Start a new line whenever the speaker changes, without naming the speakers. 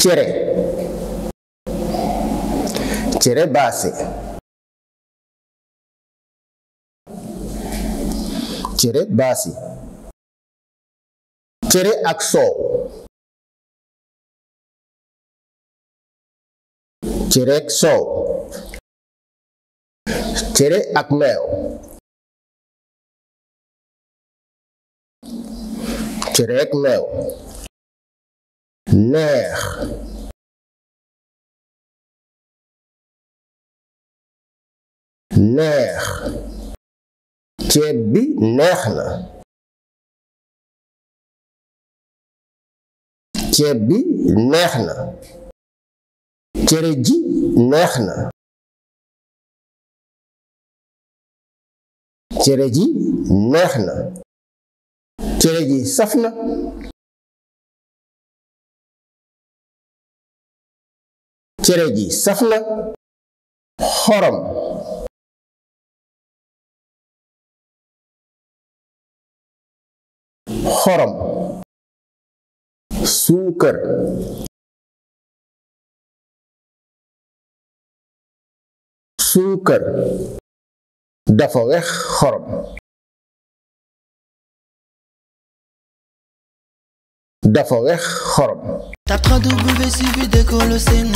cere cere baase cere baasi cere ak soow cere ak cere ak meew cere ak meew leer neex ceeb bi neex na ceeb bi cere ji neex na cere ji neex na cere ji saf na cere ji sax na xorom xorom suukar suukar dafa wex xorom dafa wex xorom T'apprends W suivi